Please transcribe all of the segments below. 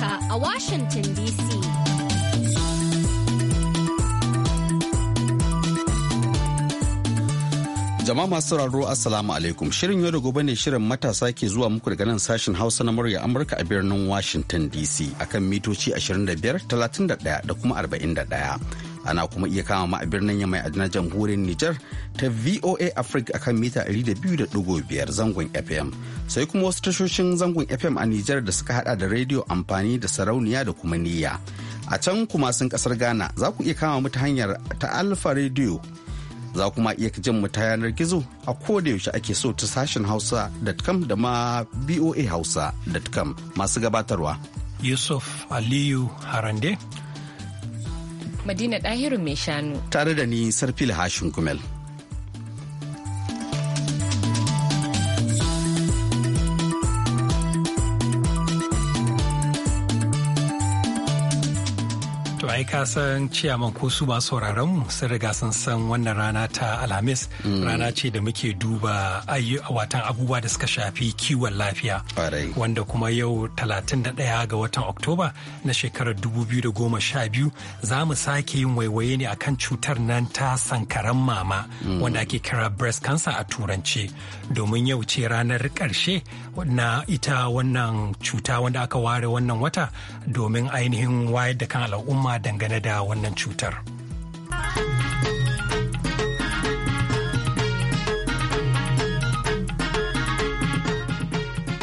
Amurka a Washington DC. Jama'a masu sauraro Assalamu alaikum Shirin yau da gobe ne shirin matasa ke zuwa muku daga nan sashen Hausa na murya Amurka a birnin Washington DC akan mitoci 25, 31 da kuma 41. ana kuma iya kama ma a birnin yamai a na jamhuriyar Nijar ta VOA Africa akan mita 200.5 zangon FM sai kuma wasu tashoshin zangon FM a Nijar da suka hada da rediyo amfani da sarauniya da kuma niyya. A can kuma sun kasar Ghana za ku iya kama mu ta hanyar ta Alfa Radio za kuma iya jin mu ta yanar gizo a yaushe ake so ta sashen hausa.com da ma voa hausa.com masu gabatarwa. Yusuf Aliyu Harande. Madina Dahiru mai shanu. Tare da ni Sarfil Hashin Gumel. ai ka san ciyaman ko su masu sauraron mu sun riga sun san wannan rana ta alhamis mm. rana ce da muke duba watan abubuwa da suka shafi kiwon lafiya wanda kuma yau 31 ga watan oktoba na shekarar 2012 za mu sake yin waiwaye ne akan cutar nan ta sankaran mama mm. wanda ake kira breast cancer a turanci domin yau ce ranar karshe na ita wannan cuta wanda aka ware wannan wata domin ainihin wayar da kan al'umma da dangane da wannan cutar.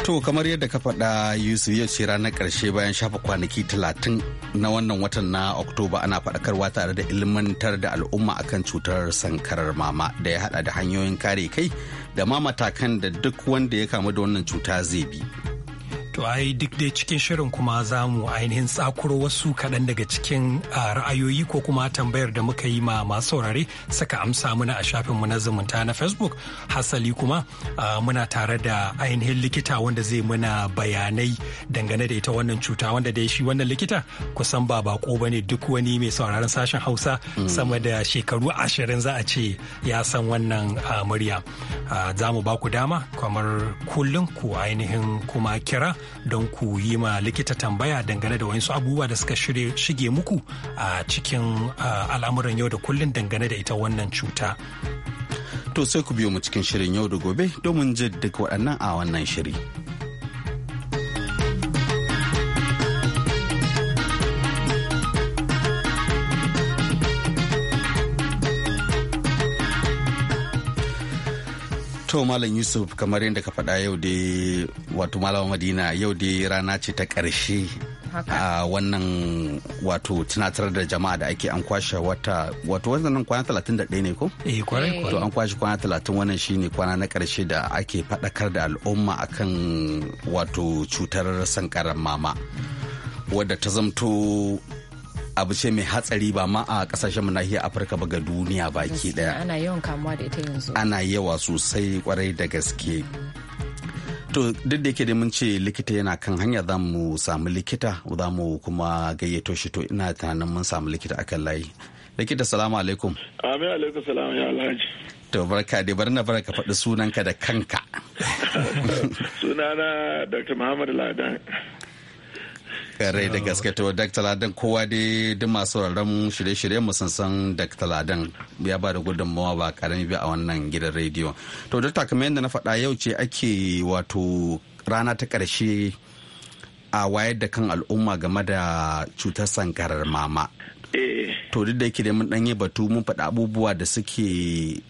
To kamar yadda ka faɗa Yusuf yau ce ranar ƙarshe bayan shafa kwanaki talatin na wannan watan na Oktoba ana faɗakarwa tare da ilmantar da al'umma akan cutar sankarar mama da ya haɗa da hanyoyin kare kai da ma matakan da duk wanda ya kamu da wannan cuta zai bi. To ai duk dai cikin shirin kuma za mu ainihin tsakuro wasu kaɗan daga cikin ah, ra'ayoyi ko kuma tambayar da muka yi ma masu saurare saka amsa muna a shafinmu na zumunta na Facebook. Hasali kuma ah, muna tare da ainihin likita wanda zai muna bayanai dangane da ita wannan cuta wanda dai shi wannan likita kusan ba ba bako bane duk wani mai sauraron sashen Hausa sama da shekaru ashirin za a ce ya san wannan ah, murya. Za mu ba ku dama kamar kullum ku ainihin kuma kira don ku yi ma likita tambaya dangane da wasu abubuwa da suka shige muku a cikin al'amuran yau da kullun dangane da ita wannan cuta. To sai ku biyo mu cikin shirin yau da gobe domin jin duk waɗannan a wannan shiri. to malam yusuf kamar yadda ka faɗa yau dai wato malama madina yau dai rana ce ta ƙarshe a wannan wato tunatar da jama'a da ake an kwashe wata wato wannan kwana 31 ne ko? eh kwarai kwarai to an kwashe kwana 30 wannan shine kwana na ƙarshe da ake faɗakar da al'umma akan wato cutar sankarar mama wadda ta zamto abu ce mai hatsari ba ma a kasashen mu nahiyar afirka ba ga duniya baki daya ana yawan kamuwa da ita yanzu ana yawa sosai kwarai da gaske to duk da yake da mun ce likita yana kan hanya za mu samu likita za mu kuma gayyato shi to ina tunanin mun samu likita akan layi likita salamu alaikum amin alaikum salamu ya alhaji to barka dai bari na barka faɗi sunanka da kanka sunana dr muhammad ladan Rai da gaske to Dr. Ladan kowa dai duk masu sauraron shirye-shiryen mu san Dr. Ladan ya ba da gudunmawa ba karami bi a wannan gidan rediyo. To Dr. kamar yadda na faɗa yau ce ake wato rana ta ƙarshe a wayar da kan al'umma game da cutar sankarar mama. Eh. To duk da yake da mun ɗanye batu mun faɗi abubuwa da suke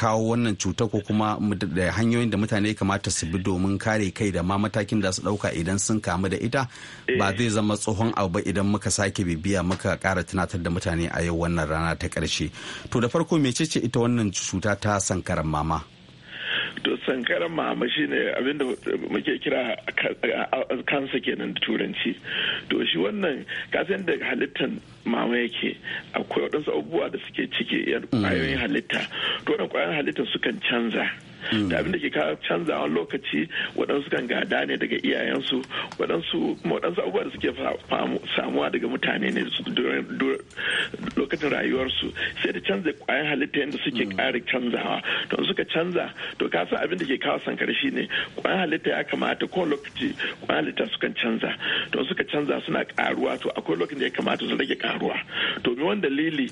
kawo wannan cuta ko kuma da hanyoyin da mutane kamata su bi domin kare kai da ma matakin da su dauka idan sun kamu da ita ba eh. zai zama tsohon abu ba idan muka sake bibiya muka kara tunatar da mutane a yau wannan rana ta karshe to da farko mecece ita wannan cuta ta sankaran mama to sankaran mama shine abinda muke kira kansa kenan da turanci to shi wannan kasan da halittan mama yake akwai waɗansu abubuwa da suke cike mm. ƙwayoyin halitta to waɗannan ƙwayoyin halitta sukan canza Mm. da abin da ke kawo canzawa lokaci waɗansu kan gada ne daga iyayensu waɗansu waɗansu abubuwa da suke samuwa daga mutane ne lokacin rayuwarsu sai da canza kwayan halitta yadda suke mm. ƙara canzawa don suka canza to ka san abin da ke kawo sankara shi ne kwayan halitta ya kamata ko lokaci kwayan halitta sukan canza don suka canza suna ƙaruwa to akwai lokacin da ya kamata su rage ƙaruwa to wani dalili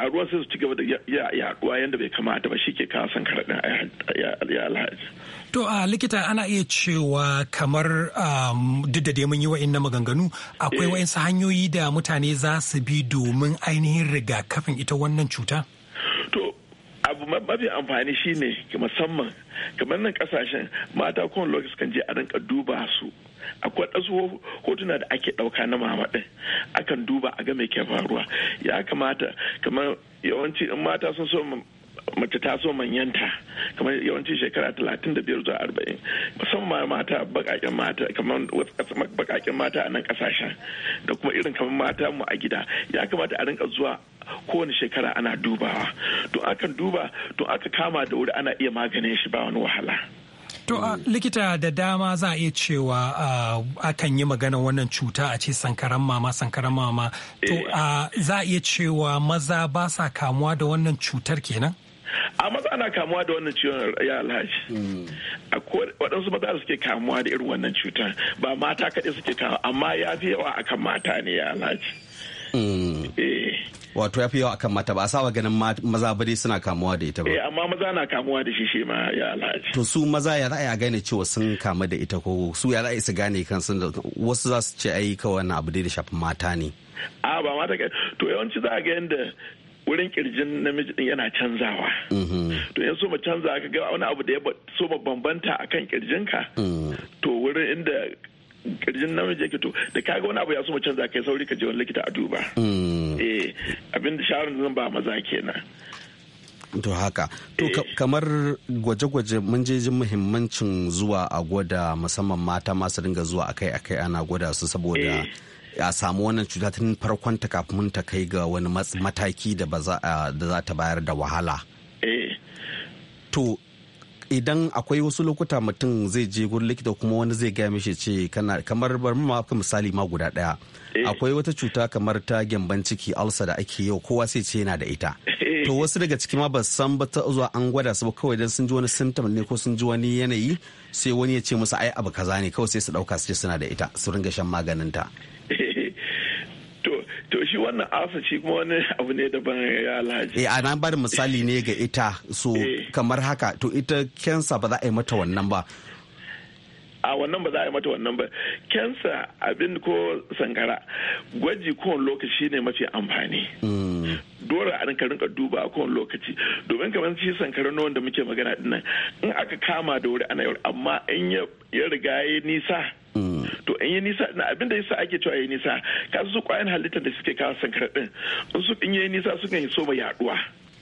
a ruwan sai su ci gaba da ya yaƙuwa yadda bai kamata ba shi ke kawo sankara ya alhaji. To a likita ana iya cewa kamar um, duk da mun yi wa'in na maganganu akwai eh. wa'insu hanyoyi da mutane za su bi domin ainihin rigakafin ita wannan cuta? abu mafi amfani shine musamman kamar nan kasashen mata kowane lokaci kan je a rinka duba su akwai ɗasu hotuna da ake ɗauka na mamaɗin akan duba a ga me ke faruwa ya kamata kamar yawanci in mata sun so mace ta so manyanta kamar yawanci shekara talatin da biyar zuwa arba'in musamman mata bakaken mata kamar bakaken mata a nan kasashen da kuma irin kamar mata mu a gida ya kamata a rinka zuwa kowane shekara ana dubawa to akan duba to aka kama da wuri ana iya maganin shi ba wani wahala To a uh, mm. likita da dama za a iya cewa uh, akan yi magana wannan cuta a ce sankaran mama sankaran mama to eh. uh, za a iya cewa maza ba sa kamuwa da wannan cutar kenan? a maza ana kamuwa da wannan ciwon ya alhaji mm. waɗansu maza suke kamuwa da irin wannan cutar ba mata kaɗai suke kamuwa amma ya fi yawa akan mata ne ya alhaji mm. eh. wato ya fi yawa akan mata ba a sawa ganin maza ba dai suna kamuwa da ita ba. Eh amma maza na kamuwa da shi shi ma ya alhaji. To su maza ya ra'ayi a gane cewa sun kamu da ita ko su ya ra'ayi su gane kan sun wasu za su ce ai kawai wannan abu dai da shafin mata ne. A ba mata to yawanci za a ga yanda wurin kirjin namiji din yana canzawa. Mm-hmm. To yanzu mu canza ka ga wani abu da ya so ba bambanta akan kirjinka. Mm. To wurin inda kirjin namiji yake to da kaga wani abu ya so mu canza kai sauri ka je wani likita a duba. Mm. eh abin da shawarar zan ba maza kenan to haka to eh. kamar gwaje-gwaje mun je jin muhimmancin zuwa a gwada musamman mata masu ringa zuwa akai-akai ana gwada su saboda eh. a samu wannan cuta tun farkon ta kafin ta kai ga wani mataki da za ta bayar da wahala eh. to idan akwai wasu lokuta mutum zai je gurin likita kuma wani zai gaya mishi ce kana kamar bar ma misali ma guda daya eh. akwai wata cuta kamar ta gyamban ciki alsa da ake yau kowa sai ce yana da ita eh. to wasu daga ciki ma ba san ba ta zuwa an gwada su ba kawai dan sun ji wani symptom ne ko sun ji wani yanayi sai wani ya ce musu ai abu kaza ne kawai sai su dauka su ce suna da ita su ringa shan maganin ta shi wannan asa shi kuma wani abu ne daban ya alhaji. Eh ana bada misali ne ga ita so eh. kamar haka to ita kensa ba za a yi mata wannan ba. a wannan ba za a yi mata wannan ba kensa abin ko sankara gwaji kowane lokaci ne mafi amfani mm. Dora a rinka rinka duba a kowane lokaci domin kamar shi sankara na da muke magana dinnan in aka kama da wuri ana yau amma in ya riga ya nisa to in yi nisa na abinda yasa ake cewa yi nisa ka su kwayan halittar da suke kawo sankarar din in su in yi nisa sukan yi soma yaduwa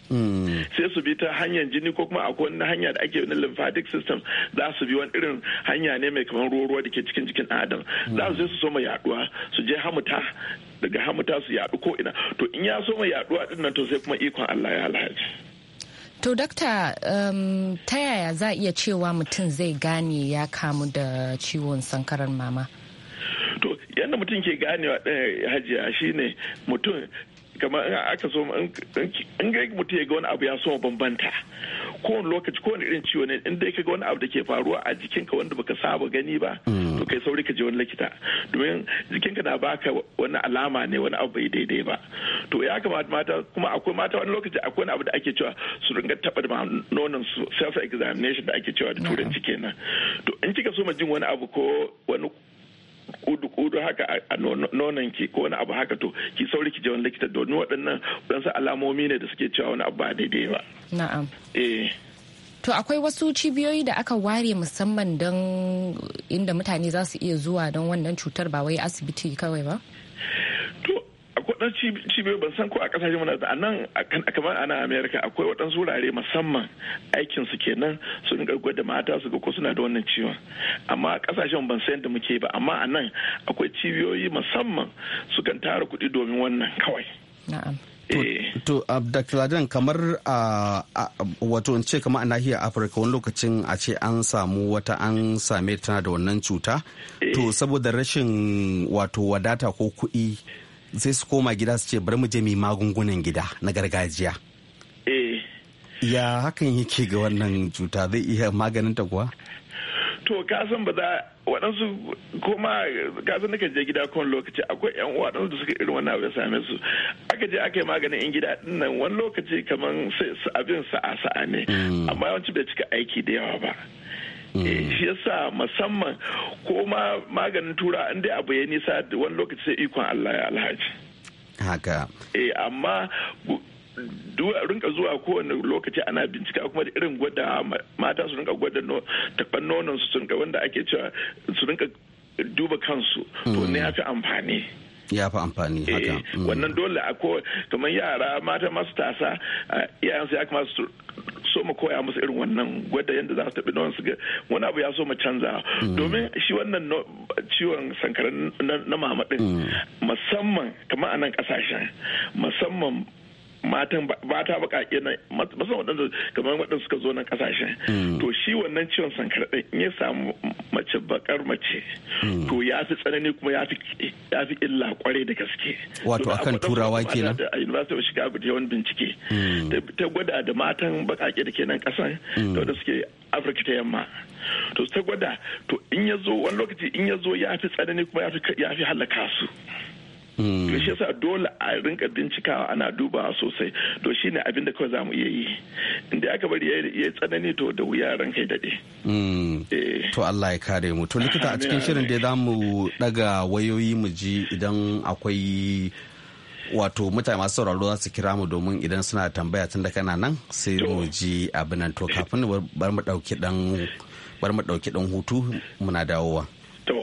hmm. sai su bi ta hanyar jini ko kuma akwai wani hanya da ake na lymphatic system za su bi wani irin hanya ne mai kamar ruwa-ruwa da ke cikin jikin adam za su je su soma yaduwa su je hamuta daga hamuta su yadu ko ina to in ya soma yaduwa din nan to sai kuma ikon Allah ya alhaji To dakta um, ta yaya za iya cewa mutum zai gane ya kamu da ciwon sankarar mama? To yadda mutum ke ganewa ɗaya eh, hajiya ne mutum kamar aka so in ga mutum ya ga wani abu ya so bambanta kowane lokaci kowane irin ciwo ne in dai kaga wani abu da ke faruwa a jikinka wanda baka saba gani ba mm. to kai sauri ka je wani likita domin jikinka na baka wani alama ne wani abu bai daidai ba to ya kamata mata kuma akwai mata wani lokaci akwai wani abu da ake cewa su ringa taba da nonon su self examination da ake cewa da mm. turanci kenan to in kika so ma jin wani abu ko wani kudu-kudu haka a nonon ki ko wani abu haka to ki sauri ki je wani likita domin waɗannan waɗansu alamomi ne da suke cewa wani abu ba daidai ba. na'am eh. to akwai wasu cibiyoyi da aka ware musamman don inda mutane za su iya zuwa don wannan cutar ba wai asibiti kawai ba to akwai cibiyoyi ban san ko a kasashen mana da nan kamar a nan akwai waɗansu wurare musamman aikin su kenan su dinga gwada mata su ga ko suna da wannan ciwon amma a ƙasashen ban san yadda muke ba amma a nan akwai cibiyoyi musamman su kan tara kuɗi domin wannan kawai na'am To, Abdulkadir eh. uh, kamar a uh, uh, wato in ce kamar a nahiyar Afirka wani lokacin a ce an samu wata an same tana da wannan cuta. To, eh. saboda rashin wato wadata ko kuɗi sai su koma gida su ce bari mu je mu magungunan gida na gargajiya. Eh. Ya hakan yake ga wannan cuta zai iya maganinta kuwa? to kasan ba za waɗansu kuma kasan nake je gida kowane lokaci akwai yan waɗansu da suka irin wani abu ya same su aka je aka yi maganin in gida nan wani lokaci kamar sai abin sa'a sa'a ne mm. amma yawanci bai cika aiki da yawa ba mm. eh, shi yasa musamman ko ma maganin tura an dai abu ya nisa wani lokaci sai ikon Allah ya alhaji haka eh amma rinka zuwa kowane lokaci ana bincika kuma da irin gwada mata su rinka gwada taɓa nonon su rinka wanda ake cewa su rinka duba kansu to ne ya fi amfani ya fi amfani haka eh, mm. wannan dole a ko kamar yara mata masu tasa iyayensu ya kamata su so mu koya musu irin wannan gwada yadda za su tafi na su ga wani abu ya so mu canza mm. domin shi wannan ciwon sankaran na mama din mm. musamman kamar a nan kasashen musamman matan ba ta baƙaƙe nan musamman waɗanda kamar waɗanda suka zo nan ƙasashen mm. to shi wannan ciwon sankara ɗin in ya samu mace bakar mace mm. to ya fi tsanani kuma ya fi illa kwarai da gaske wato akan turawa kenan a university of chicago da yawan bincike mm. ta gwada da matan baƙaƙe da ke nan ƙasan da wanda suke afirka ta yamma to ta gwada to in ya zo wani lokaci in ya zo ya fi tsanani kuma ya fi halaka su to mm. shi yasa dole a rinka bincikawa ana dubawa sosai to shine abin da kawai zamu iya yi inda aka bari ya tsanani to da wuya ran kai dade mm. eh. to Allah ya kare mu to likita a cikin shirin da zamu daga wayoyi mu ji idan akwai wato mutane masu sauraro za su kira mu domin idan suna tambaya tun da kana nan sai mu ji abin nan to kafin bar mu dauki dan bar mu dauki dan hutu muna dawowa to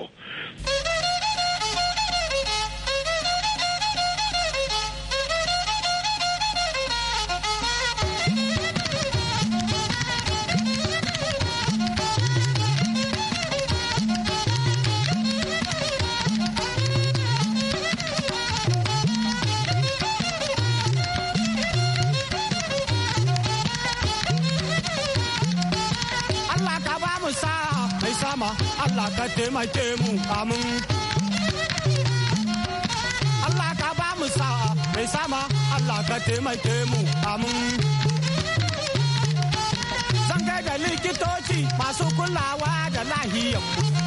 Allah ka taimake mu amin. Allah ka ba mu sa'a mai sama Allah ka taimake mu amin. Zan kai da likitoci masu kulawa da lahiya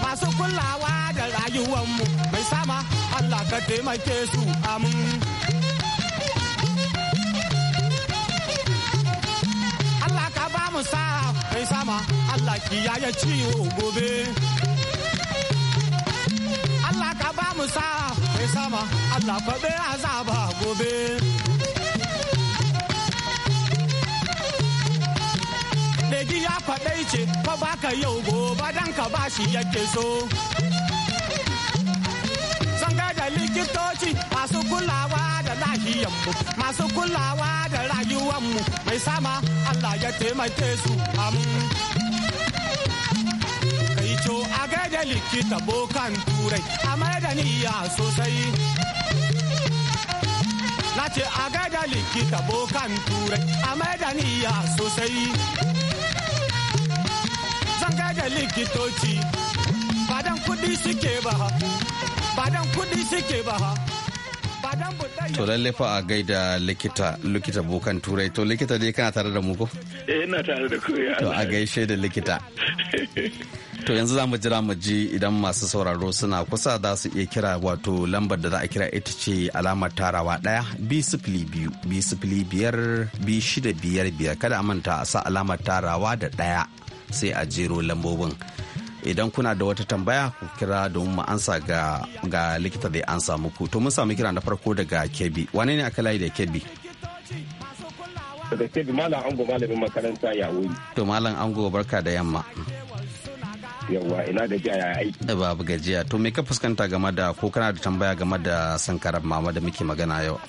masu kulawa da rayuwanmu mai sama Allah ka taimake su amin. Allah ka ba mu sa'a mai sama Allah kiyaye ciwo gobe. sama Allah kwaɓe azaba gobe. Daji ya kwaɗai ce fa baka yau gobe dan ka ba bashi yake so. Sanga da likitoci masu kulawa da lahiyanmu masu kulawa da rayuwanmu mai sama Allah ya taimake su amin. to a gaida likita bokan turai a mai da niyya sosai na ce a gaida likita bokan turai a mai da niyya sosai zan gaida likitoci badan kudi suke ba ha badan kudi suke ba ha To lallai fa a gaida likita likita bokan turai to likita dai kana tare da mu ko? Eh ina tare da ku ya. To a gaishe da likita. To yanzu za mu jira mu ji idan masu sauraro suna kusa za su iya kira wato lambar da za a kira ita ce alamar tarawa ɗaya bi sifili biyu bi sifili biyar bi shida biyar biyar kada a manta a sa alamar tarawa da ɗaya sai a jero lambobin. Idan kuna da wata tambaya ku kira domin mu ansa ga, ga likita da ansa muku. To mun samu kira na farko daga kebi Wane ne aka layi da Kebbi? Daga Kebbi Malam Ango malamin makaranta Yawoyi. To Malam Ango barka da yamma. yawwa ina da ya aiki eh, babu gajiya to me ka fuskanta game da ko kana da tambaya game da sankaran mama da muke magana yau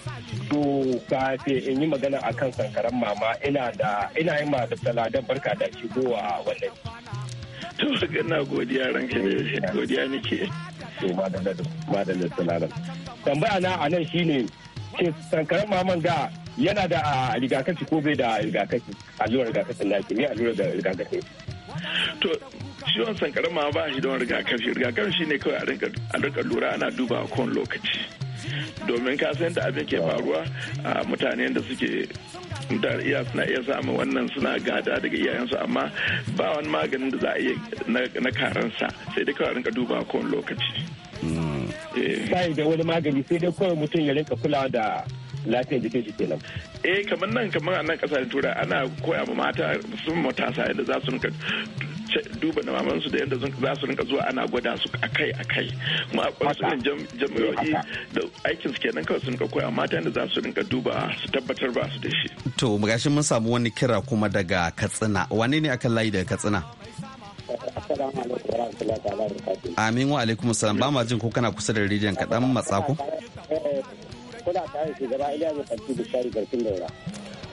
to ka ce in yi magana akan sankaran mama ina da ina yi ma da saladan barka da shigowa wannan to na godiya ranka ne godiya nake to madalin salaran tambaya na a nan shine ce sankaran maman ga yana da rigakafi ko bai da rigakafi allurar rigakafin lafiya ne allurar rigakafi to ciwon sankara ma ba shi don rigakafi rigakafi ne kawai a rinka lura ana duba a kowane lokaci domin ka san da abin ke faruwa a mutane da suke da iya suna iya samun wannan suna gada daga iyayensu amma ba wani maganin da za a iya na karansa sai dai kawai rinka duba a kowane lokaci. Hmm. Eh. Sai da wani magani sai dai kawai mutum ya rinka kulawa da lafiyar jikin shi kenan. Eh kamar nan kamar a nan kasar turai ana koya ma mata musamman matasa yadda za su rinka duba maman su da yadda za su rinka zuwa ana gwada su akai akai kuma a kwasunan jami'o'i da aikin su kenan kawai su rinka koya mata da za su rinka duba su tabbatar ba su da shi. to gashi mun samu wani kira kuma daga katsina wane ne akan layi daga katsina. Amin wa alaikum salam ba ma jin ko kana kusa da rijiyar kaɗan matsa ko?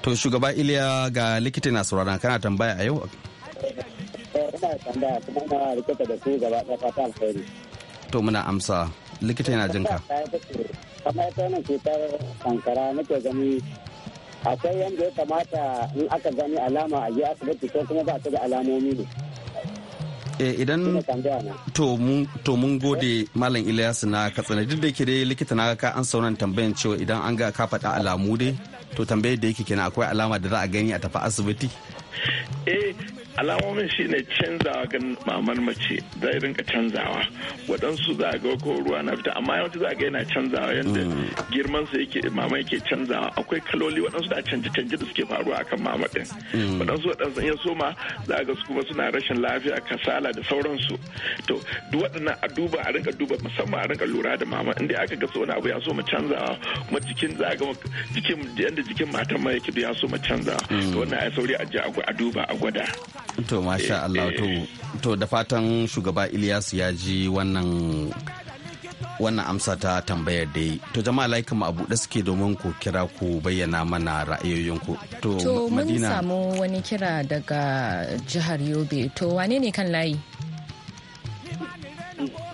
To shugaba Iliya ga likita na sauraron kana tambaya a yau? To muna amsa likita yana jin ka. Kamar ita wannan cutar sankara nake gani akwai yanda ya kamata in aka gani alama a yi asibiti ko kuma ba ta da alamomi ne. Eh, idan to mun gode malam ilyas na katsina duk da yake dai likita na ka an sauran tambayan cewa idan an ga ka faɗa alamu dai to tambayar da yake kenan akwai alama da za a gani a tafi asibiti eh alamomin shine canzawa gan mamar mace zai rinka canzawa waɗansu za ga ko ruwa na fita amma yawanci za ga yana canzawa yadda mm. girman sa yake mama yake canzawa akwai kaloli waɗansu da canje canje da suke faruwa akan mama din mm. waɗansu waɗansu in ya soma za ga su kuma suna rashin lafiya kasala da sauransu to duk waɗannan a duba a rinka duba musamman a rinka lura da mama inda aka ga wani abu ya so mu canzawa kuma jikin za ga jikin yadda jikin matan ma yake ya so mu canzawa mm. to wannan ai sauri a je a duba a gwada to masha Allah to to da fatan shugaba Ilyas ya ji wannan wannan amsa ta tambayar da yi to jama'a laikin a buɗe suke domin ku kira ku bayyana mana ra'ayoyinku to, to mun samu wani kira daga jihar yobe to wane ne kan layi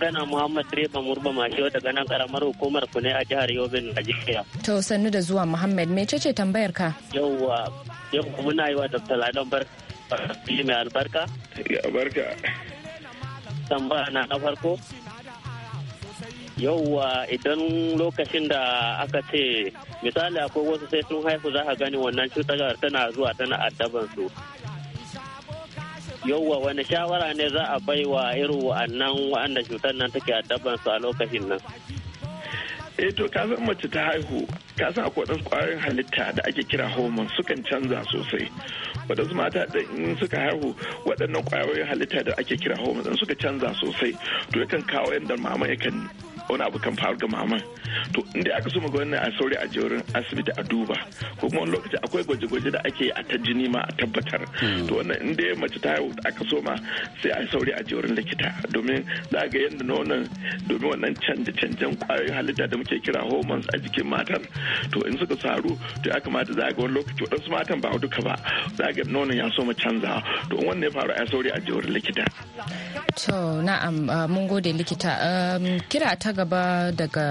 gana muhammad direba murba mashiwa daga nan karamar hukumar ku ne a jihar yobe najeriya to sannu da zuwa muhammad mecece tambayar ka yauwa yau muna yi wa dr Ladon barka Farafi mai albarka? Ya barka. Tambaya na na farko? Yauwa idan lokacin da aka ce misali akwai wasu sai sun haihu za ka gani wannan cutar tana zuwa tana addaban su. Yauwa wani shawara ne za a baiwa irin wa'annan wa'anda cutar nan take addaban su a lokacin nan? E to ka san mace ta haihu ka san akwai wadansu kwayoyin halitta da ake kira homon sukan canza sosai wadansu mata da in suka haihu waɗannan kwayoyin halitta da ake kira hormones suka canza sosai to yakan kawo yadda mama yakan wani abu kan faru ga maman to inda aka so maga wannan a saurin a jerin asibiti a duba ko kuma wani lokaci akwai gwaje-gwaje da ake a ta jini ma a tabbatar hmm. to wannan inda mace ta haihu aka so ma sai a sauri a jerin likita domin za ga yadda nonon domin wannan canje-canjen kwayoyin halitta da muke kira hormones a jikin matan to in suka saru to ya kamata za ga wani lokaci wadansu matan ba duka ba za ga nonon ya so ma canza to wannan ya faru a saurin a jerin likita. to na'am ah, mun gode likita um, kira ta gaba daga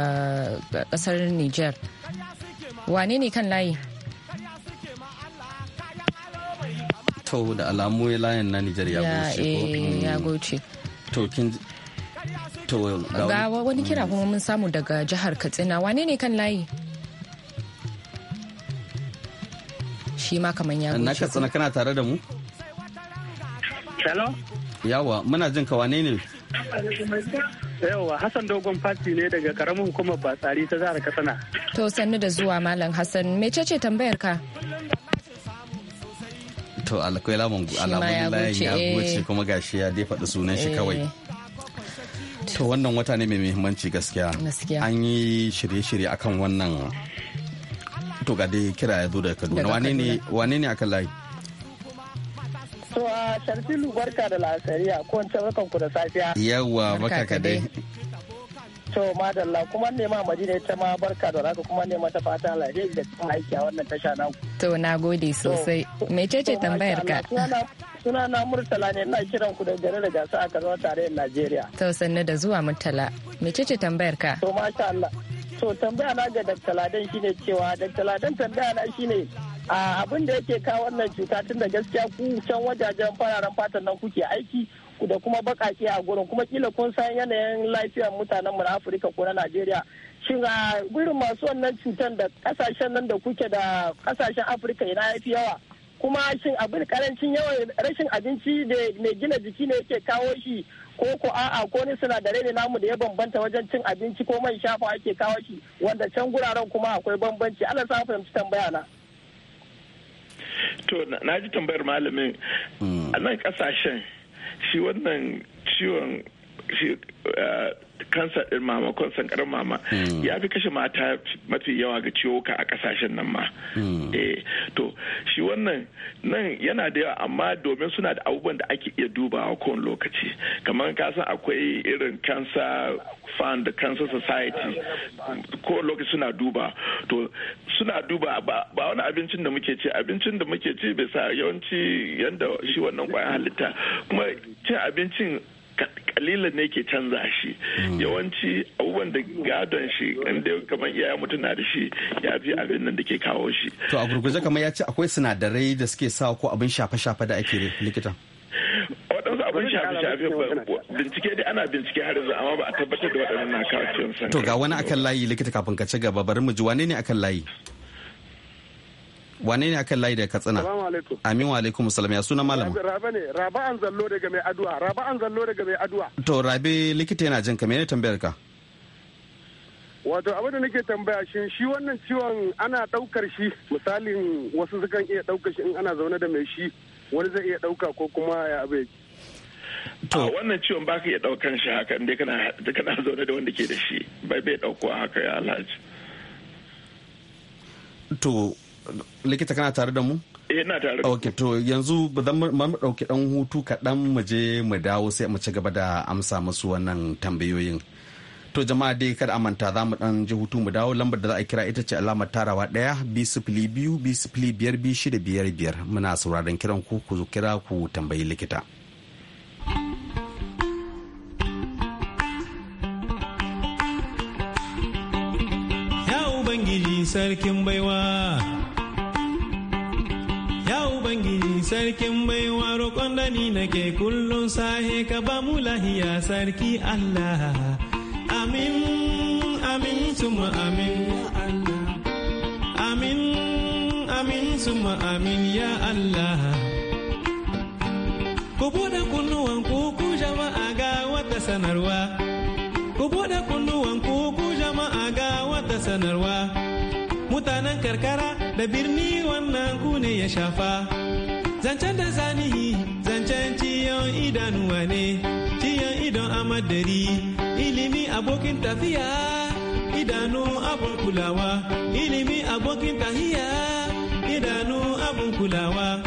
kasar niger wane ne kan layi to da alamu ya layin na niger ya goce eh, ya mm. goce to kin to ga wani kira kuma mun samu daga jihar katsina wane ne kan layi shi ma kaman ya goce na katsina kana tare da mu Hello? Yawa, muna jin ka wane ne? Yawa Hassan Dogon Fati ne daga karamin hukumar Batsari ta zahar Katsina. To sannu da zuwa Malam Hassan, mecece tambayar ka? To alakwai lamun alamun ya goce eh. kuma gashi ya dai faɗi sunan shi eh. kawai. To wannan wata ne mai muhimmanci gaskiya. An yi shirye-shirye akan wannan to ga dai kira ya zo daga Kaduna. Wane ne akan layi? To a Sharfilu barka da lasariya ko in ce barkan ku da safiya. Yawwa baka ka dai. To madalla kuma nema madina ita ma barka da raka kuma nema ta fata alheri da cikin aiki a wannan tasha na. To na gode sosai. Mecece tambayar ka? Suna na Murtala ne ina kiran ku da gare da gasa a Kano tarayyar Najeriya. To sanne da zuwa Murtala. Mecece tambayar ka? To masha Allah. To tambaya na ga Dr. shine cewa Dr. Ladan tambaya na shine abin da yake kawo wannan cuta tun da gaskiya ku can wajajen fararen fatan nan kuke aiki da kuma bakake a gurin kuma kila kun san yanayin lafiyar mutanen mu na Afirka ko na Najeriya shin a gurin masu wannan cutar da kasashen nan da kuke da kasashen Afirka ina yafi yawa kuma shin abin karancin yawan rashin abinci da mai gina jiki ne yake kawo shi ko ko a'a ko ni sinadarai ne namu da ya bambanta wajen cin abinci ko man shafa ake kawo shi wanda can guraren kuma akwai bambanci Allah sa fahimci tambaya na to na ji tambayar malamin hmm. a nan kasashen shi wannan ciwon kansa uh, ɗin mama kon sankarar mama hmm. ya fi kashe mata mafi yawa ga ciwoka a kasashen nan ma hmm. eh, to shi wannan nan yana da yawa amma domin suna da abubuwan da ake iya dubawa kowane lokaci kamar kasan akwai irin kansa fund da cancer society ko lokaci suna duba to suna duba ba wani abincin da muke ci abincin da muke ci bisa yawanci yadda shi wannan kwayan halitta kuma cin abincin kalilan ne ke canza shi hmm. yawanci abubuwan da gadon shi inda kamar iyayen mutum na da shi ya fi abin nan da ke kawo shi to a gurguje kamar ya ce akwai sinadarai da suke sa ko abin shafe-shafe da ake likita waɗansu abin shafe-shafe bincike dai ana bincike har yanzu amma ba a tabbatar da waɗannan na kawo to ga wani akan layi likita kafin ka ci gaba bari mu ji wane ne akan layi wane ne akan layi da katsina amin wa alaikum salam ya suna malam rabe ne rabe an zallo daga mai aduwa rabe an zallo daga mai aduwa to rabe likita yana jin ka mene tambayar ka wato abin da nake tambaya shi shi wannan ciwon ana daukar shi misalin wasu sukan iya daukar shi in ana zaune da mai shi wani zai iya dauka ko kuma ya abu to wannan ciwon baka iya daukan shi haka inda kana kana zaune da wanda ke da shi bai bai dauko haka ya alhaji to likita kana tare da mu? Eh, ina tare. to yanzu ba mu ɗauki ɗan hutu kaɗan mu je mu dawo sai mu ci gaba da amsa musu wannan tambayoyin. To jama'a dai kada amanta za mu ɗan ji hutu mu dawo lambar da za a kira ita ce alamar tarawa ɗaya bi sifili biyu bi sifili biyar bi shida biyar biyar muna sauraron kiran ku ku kira ku tambayi likita. sarkin baiwa. ubangiji sarkin baiwa roƙon dani nake kullum sahe ka ba mu lahiya sarki allah amin amin suma amin amin amin suma amin ya allah ku buɗe kunnuwan ku jama'a ga wata sanarwa ku buɗe kunnuwan ku jama'a ga wata sanarwa mutanen karkara da birni wannan ku ne ya shafa zancen da zanihi zancen ciyon idanuwa ne ciyon idon amadari ilimi abokin tafiya idanu abun kulawa ilimi abokin tahiya idanu abun kulawa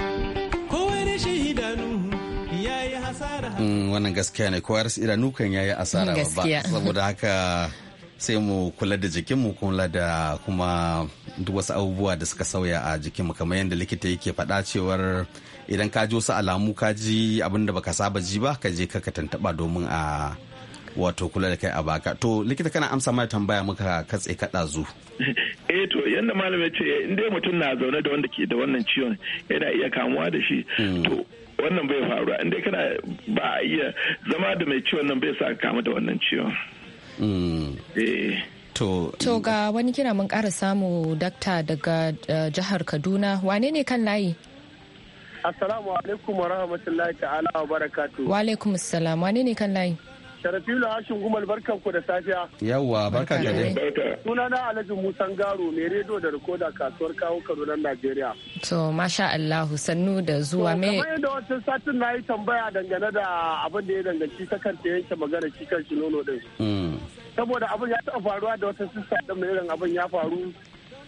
mm, wannan gaskiya ne kowai rashin idanu kan yayi asara ba saboda haka sai mu kula da jikinmu kula da kuma duk wasu abubuwa da suka sauya a jikinmu kamar yadda likita yake faɗa cewar idan ka ji wasu alamu ka ji abin da baka saba ji ba ka je ka tantaba domin a wato kula da kai a baka to likita kana amsa mai tambaya muka katse ka ɗazu. eh to yadda malam ya ce in dai mutum na zaune da wanda ke da wannan ciwon yana iya kamuwa da shi hmm. to wannan bai faruwa in dai kana ba a iya zama da mai ciwon nan bai sa kamu da wannan ciwon Eh. To, ga wani kira mun ƙara samu dakta daga eh, jihar Kaduna wane ne kan layi? Assalamu alaikum wa rahmatullahi ta'ala wa barakatu. Wa alaikum assalam wane ne kan layi? Sharafilu Hashin Gumal barkan ku da safiya. Yawwa barka ka dai. Suna na Alhaji Musan Garo mai rediyo da rikoda kasuwar kawo Kaduna Najeriya. To masha Allah sannu da zuwa me. Kamar yadda wancan satin na yi tambaya dangane da abin da ya danganci ta kanta yanke magana shi kan shi nono din. Mm. Saboda abin ya taɓa faruwa da wata sista da mai irin abin ya faru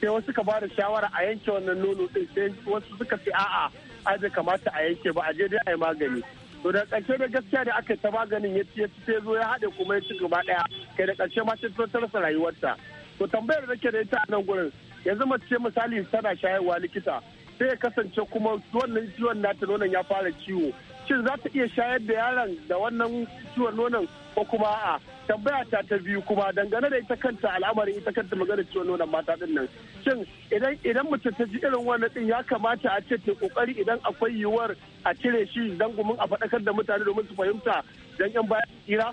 sai wasu ka ba da shawara a yanke wannan nono din sai wasu suka ce a'a ai kamata a yanke ba a je dai a yi magani. to da ƙarshe da gaskiya da aka ta maganin ya ci ya zo ya haɗe kuma ya ci gaba ɗaya kai da ƙarshe ma ta rasa rayuwarta to tambayar da ke da ita a nan gurin yanzu mace misali tana shayarwa likita sai ya kasance kuma wannan ciwon nata nonon ya fara ciwo shin za ta iya shayar da yaron da wannan ciwon nonon ko kuma a tambaya ta ta biyu kuma dangane da ita kanta al'amarin ita kanta maganar ciwon nonon mata din nan shin idan idan mace ta ji irin wannan din ya kamata a ce ta kokari idan akwai yiwuwar a cire shi dan gumin a faɗakar da mutane domin su fahimta dan yan bayan tsira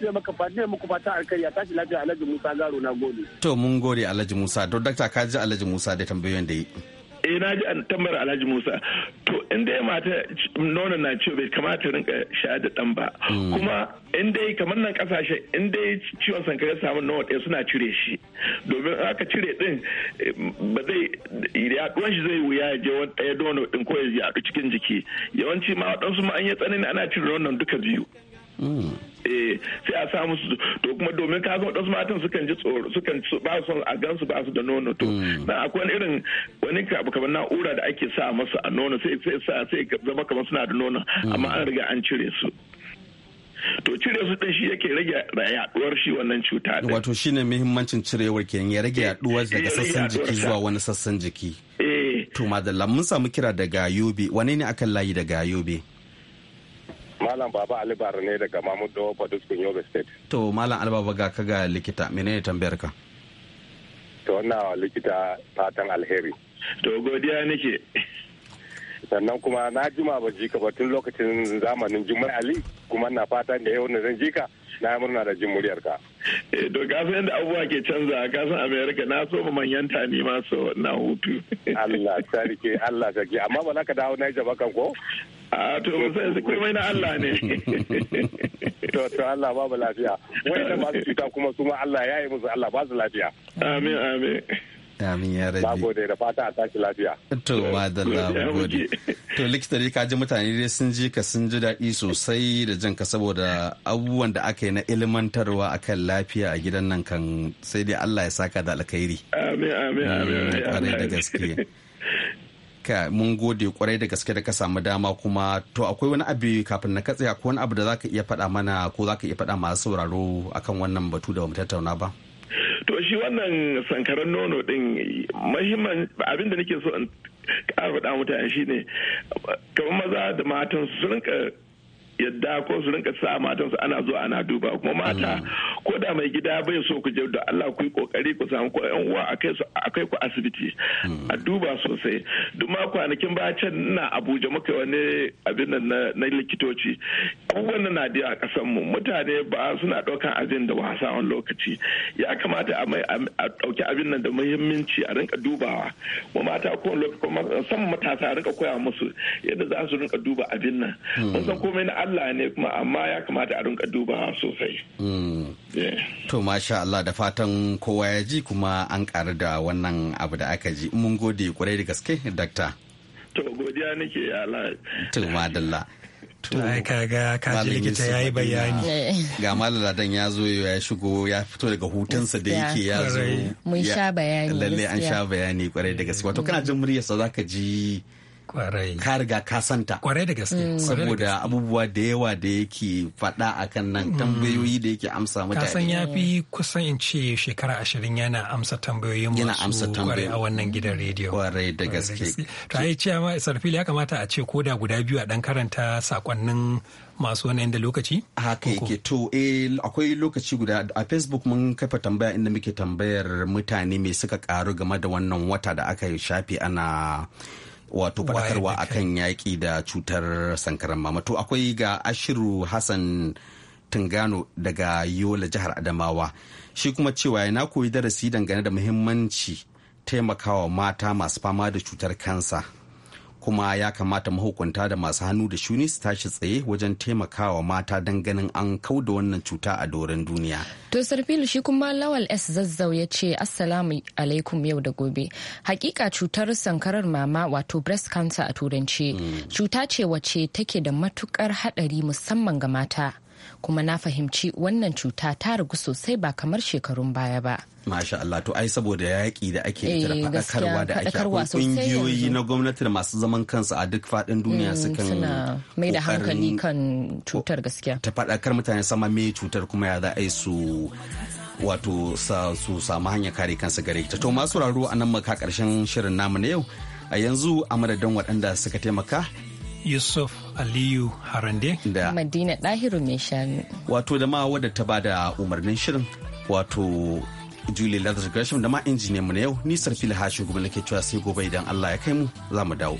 sai maka ne muku fata alkari ya tashi lafiya Alhaji Musa Garo na gode to mun gode Alhaji Musa to dakta ka Alhaji Musa da tambayoyin da yi eh na ji an tambayar alhaji musa to in dai mata nono na ciwo bai kamata rinka sha da dan ba mm. kuma in dai kamar nan kasashe in dai ciwon sankara samun nawa ɗaya suna cire shi domin aka cire din eh, ba zai yaduwan shi zai wuya ya je wani ɗaya nono din ko ya yadu cikin jiki yawanci ma waɗansu ma an yi tsanani ana cire nonon duka biyu eh sai a samu su to kuma domin ka san wasu matan sukan ji tsoro sukan ba su a gansu ba su da nono to na mm. akwai wani irin wani abu kamar na'ura da ake sa masa a nono sai sai sai zama kamar suna da nono mm. amma an riga an cire su to cire su din shi yake rage yaduwar shi wannan cuta din wato shine muhimmancin cirewar kenan ya rage eh, yaduwar daga sassan jiki zuwa wani sassan jiki eh to madalla mun samu kira daga yobe wane ne akan layi daga yobe Malam Baba Ali Bara ne daga Mahmud Dawo Faduskun Yobe State. To Malam Albaba ga ka ga likita menene tambayar ka? To wannan likita fatan alheri. To godiya nake. sannan kuma na jima ba jika ba tun lokacin zamanin jimar ali kuma na fatan da yau na zan jika na murna da jin ka eh, to ka san yadda abubuwa ke canza ka san america na so ma manyanta ne ma so na hutu allah sarki allah sarki amma ba za ka dawo naija ba kan ko a to sai su kuma na allah ne to to allah babu lafiya wai da su cuta kuma su ma allah ya yi musu allah ba su lafiya amin amin Amin ya rabi. Na gode da fata a tashi lafiya. To da mu To likita dai ka ji mutane dai sun ji ka sun ji daɗi sosai da jan ka saboda abubuwan da aka yi na ilmantarwa akan lafiya a gidan nan kan sai dai Allah ya saka da alkhairi. Amin amin mm, amin. Kwarai da gaske. ka mun gode kwarai da gaske da ka samu dama kuma to akwai wani abu kafin na katse akwai wani abu da za ka iya faɗa mana ko za ka iya faɗa masu sauraro akan wannan batu da mu tattauna ba. to shi wannan sankaran nono din mahimman abin da nake so in kara faɗa mutane shine kamar maza da matan su rinka yadda ko su rinka sa matansu ana zuwa ana duba kuma mata ko da mai gida bai so ku je da Allah ku yi kokari ku samu ko yan uwa akai su ku asibiti a duba sosai duk ma kwanakin ba can na Abuja muka wani abin nan na likitoci kowanne na da a kasan mu mutane ba suna daukan abin da wasa wani lokaci ya kamata a mai a dauki abin nan da muhimmanci a rinka dubawa mu mata ko lokaci san matasa a rinka koya musu yadda za su rinka duba abin nan mun san komai na Allah ne kuma amma ya kamata a rinka dubawa sosai hmm. To masha Allah da fatan kowa ya ji kuma an ƙara da wannan abu da aka ji mun gode kwarai da gaske dakta. To godiya nake Allah. To madalla. To ai kaga kaji likita ya yi bayani. Ga malaladan ya zo ya shigo ya fito daga hutunsa da yake ya zo. Mun sha bayani. lalle an sha bayani kwarai da gaske. Wato kana jin muryarsa za ka ji. ka riga ka santa kwarai da gaske mm. saboda abubuwa da yawa da yake faɗa akan nan mm. tambayoyi da yake amsa mutane kasan ya fi kusan in ce shekara ashirin yana amsa tambayoyin yana amsa tambayoyi a wannan gidan rediyo kwarai da gaske to ai ce ma sarfili ya kamata a ce koda guda biyu a dan karanta sakonnin masu wani da lokaci? Haka yake to eh akwai lokaci guda a Facebook mun kafa tambaya inda muke tambayar mutane mai suka karu game da wannan wata da aka shafe ana wato faɗakarwa kan yaƙi da cutar sankaran mama to akwai ga ashiru hassan tungano daga yola jihar adamawa shi kuma cewa na koyi darasi dangane da muhimmanci taimakawa mata masu fama da cutar kansa kuma ya kamata mahukunta da masu hannu da shuni su tashi tsaye wajen taimakawa mata don ganin an kau da wannan cuta a doron duniya. To Sarfilu shi kuma Lawal S Zazzau ya ce Assalamu alaikum yau da gobe. Hakika cutar sankarar mama wato breast cancer a turanci hmm. cuta ce wacce take da matukar haɗari musamman ga mata. kuma na fahimci wannan cuta ta ragu sosai ba kamar shekarun baya ba. Masha Allah to ai saboda yaƙi da ake da eh, faɗakarwa da ake a ƙungiyoyi na gwamnati da masu zaman kansu a duk faɗin duniya mm, sukan mai da hankali kan cutar gaskiya. Ta faɗakar mutane sama me cutar kuma ya za a su wato su samu hanyar kare kansu gare ta. To masu raro a nan maka ƙarshen shirin namu na yau a yanzu a madadin waɗanda suka taimaka Yusuf Aliyu Harande da Madina Dahiru mai shanu. Wato da ma wadda ta bada umarnin shirin wato Julie Lazarus Gresham da ma injiniyan mu na yau nisar sarfi hashin gobe nake cewa sai gobe idan Allah ya kai mu za mu dawo.